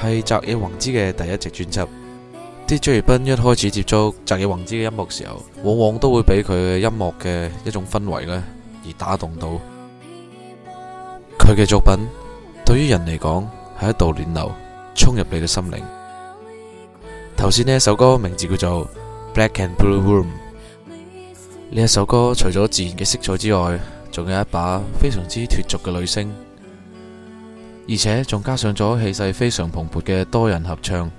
係澤野弘之嘅第一隻專輯 DJ 斌一開始接觸澤野弘之嘅音樂時候往往都會畀佢嘅音樂嘅一種氛圍呢而打動到佢嘅作品對於人嚟講係一道暖流衝入你嘅心靈頭先呢首歌名字叫做 Black and Blue Room 呢首歌除咗自然嘅色彩之外仲有一把非常之脫俗嘅女聲而且仲加上咗氣勢非常蓬勃嘅多人合唱，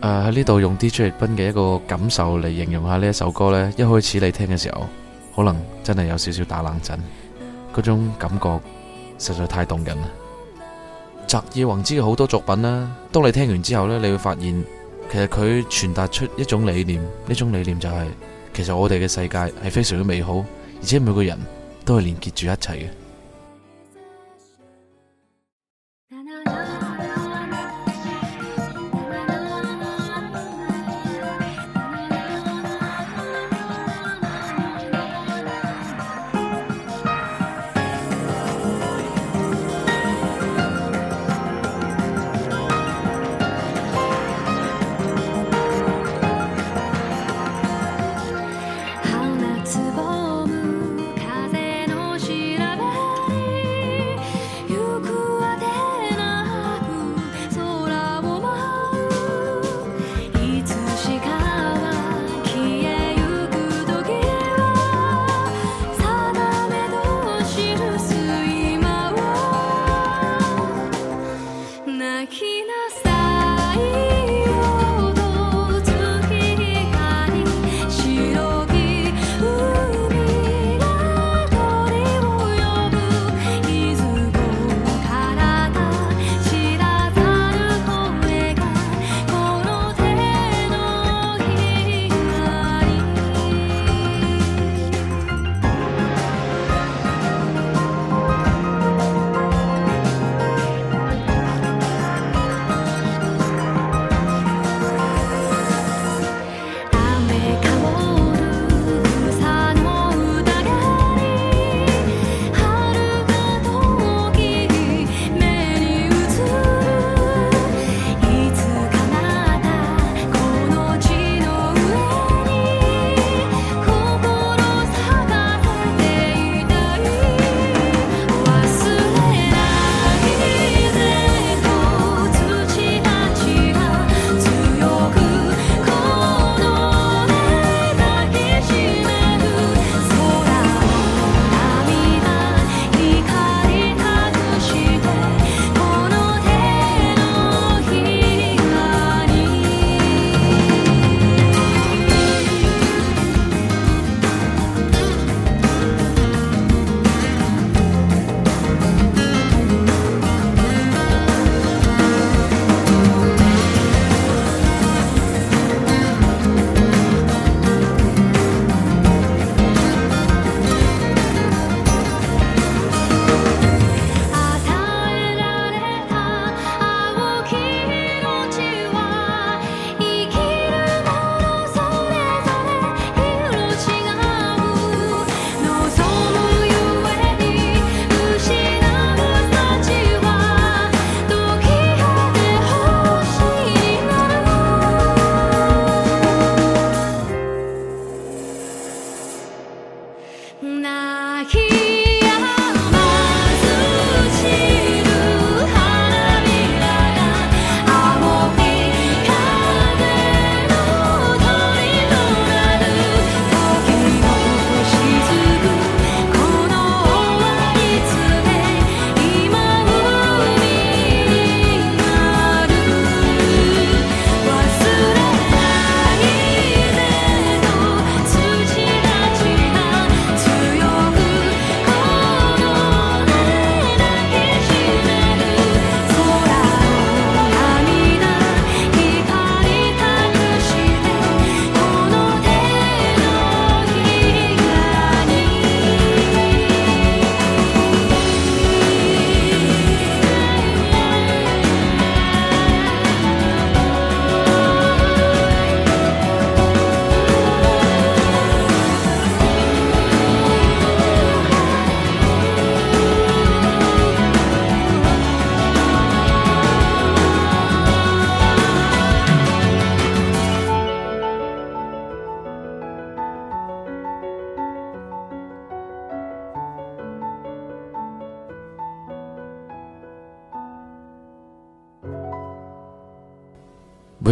誒喺呢度用 DJ 斌嘅一個感受嚟，形容下呢一首歌咧，一開始你聽嘅時候，可能真係有少少打冷震，嗰種感覺實在太動人啦！澤野弘之嘅好多作品啦，當你聽完之後咧，你會發現其實佢傳達出一種理念，呢種理念就係、是，其實我哋嘅世界係非常之美好，而且每個人都係連結住一切嘅。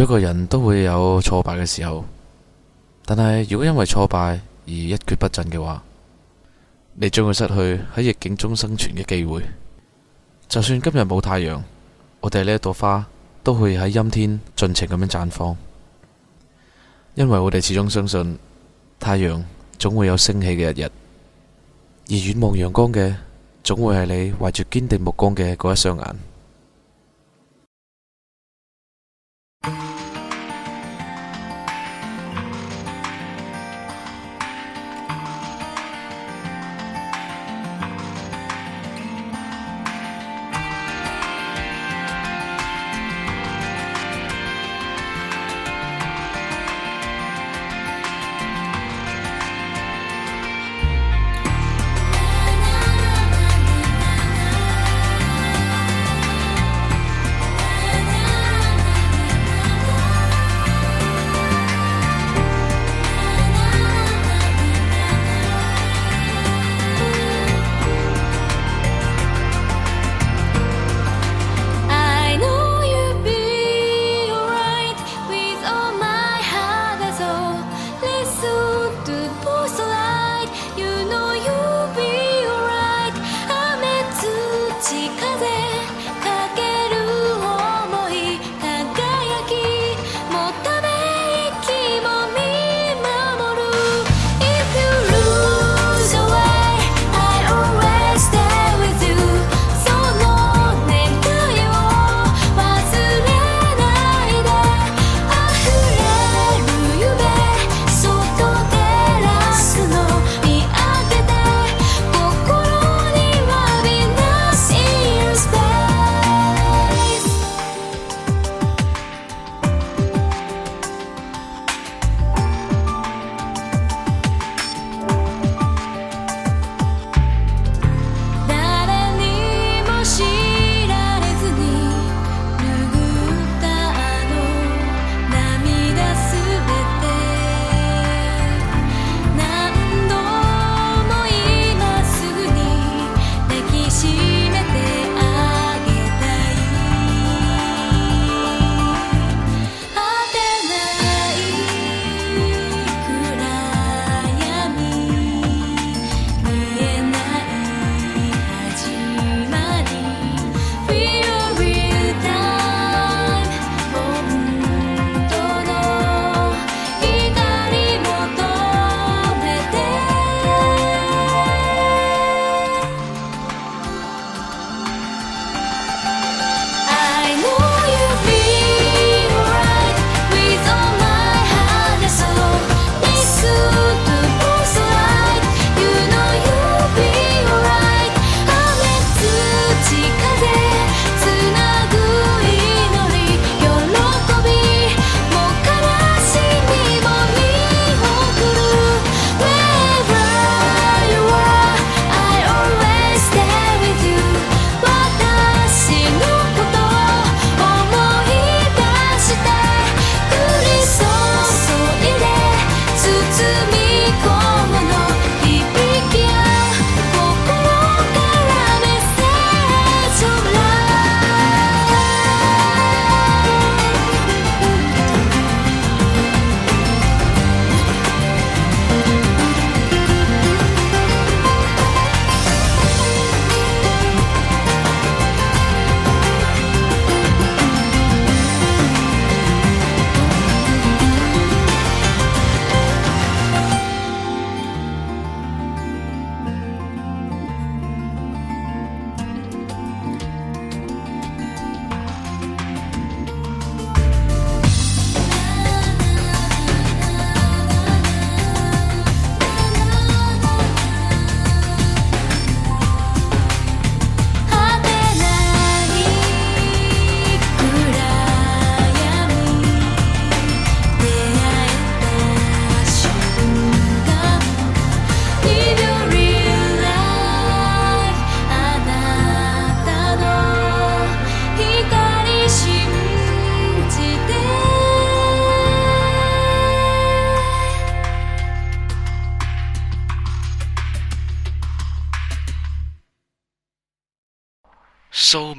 每個人都會有挫敗嘅時候，但係如果因為挫敗而一蹶不振嘅話，你將會失去喺逆境中生存嘅機會。就算今日冇太陽，我哋呢一朵花都會喺陰天盡情咁樣綻放，因為我哋始終相信太陽總會有升起嘅一日，而遠望陽光嘅，總會係你懷住堅定目光嘅嗰一雙眼。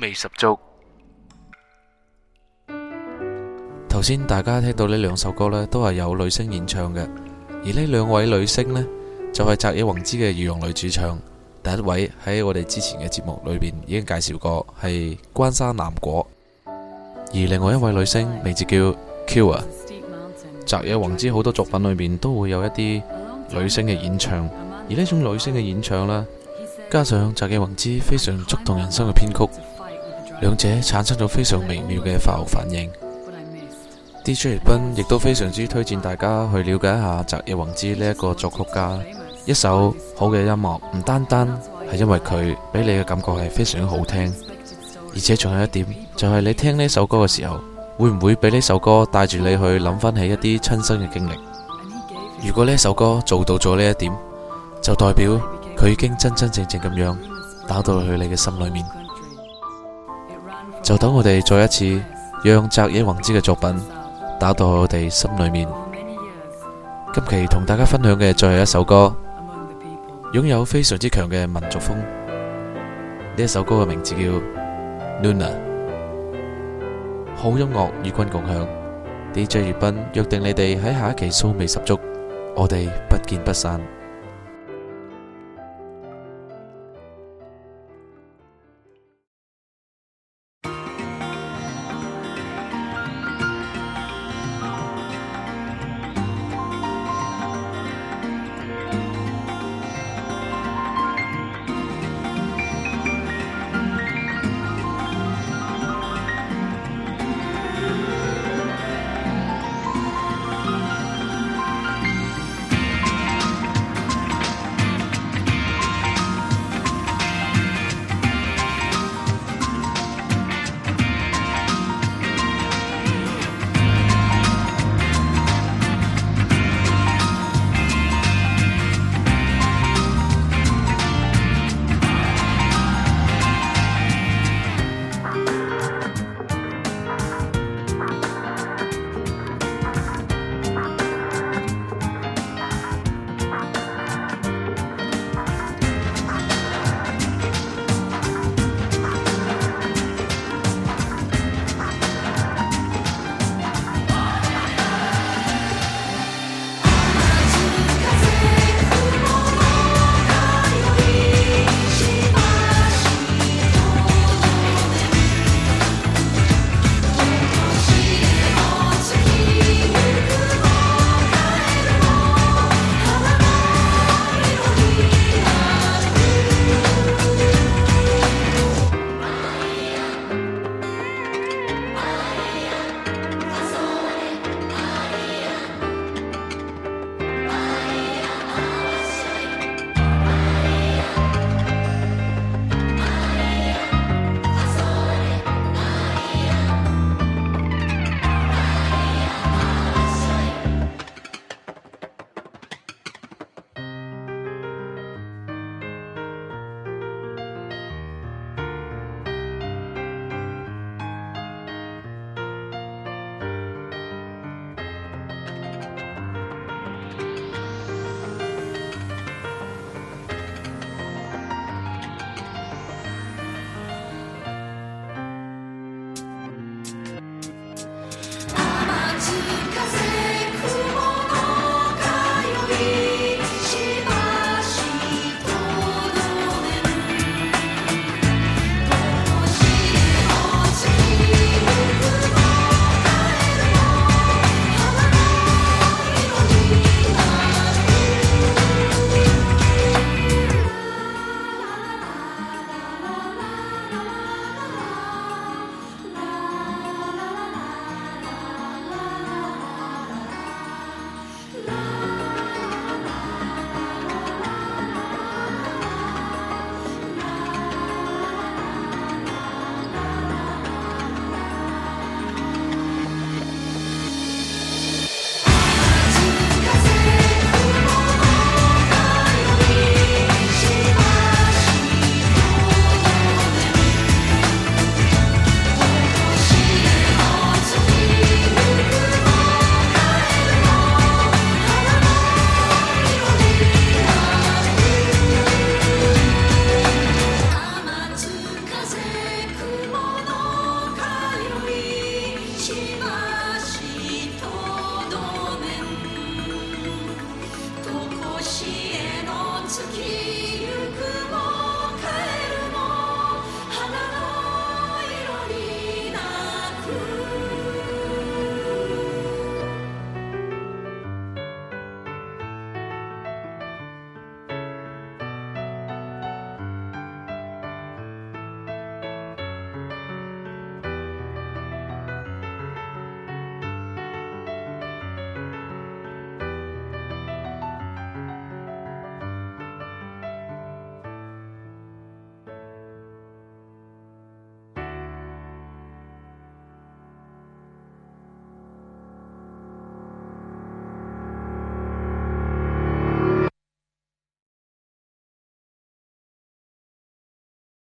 味十足。頭先大家聽到呢兩首歌呢，都係有女聲演唱嘅。而呢兩位女聲呢，就係、是、澤野弘之嘅御用女主唱。第一位喺我哋之前嘅節目裏邊已經介紹過，係關山南果。而另外一位女聲名字叫 Q 啊。澤野弘之好多作品裏面都會有一啲女聲嘅演唱，而呢種女聲嘅演唱呢，加上澤野弘之非常觸動人心嘅編曲。兩者產生咗非常微妙嘅化學反應。D.J. 斌亦都非常之推薦大家去了解一下澤野弘之呢一個作曲家。一首好嘅音樂唔單單係因為佢俾你嘅感覺係非常之好聽，而且仲有一點就係你聽呢首歌嘅時候，會唔會俾呢首歌帶住你去諗翻起一啲親身嘅經歷？如果呢首歌做到咗呢一點，就代表佢已經真真正正咁樣打到去你嘅心裏面。就等我哋再一次讓澤野弘之嘅作品打到我哋心裏面。今期同大家分享嘅最後一首歌，擁有非常之強嘅民族風。呢一首歌嘅名字叫《Luna》。好音樂與君共享，DJ 月斌約定你哋喺下一期騷味十足，我哋不見不散。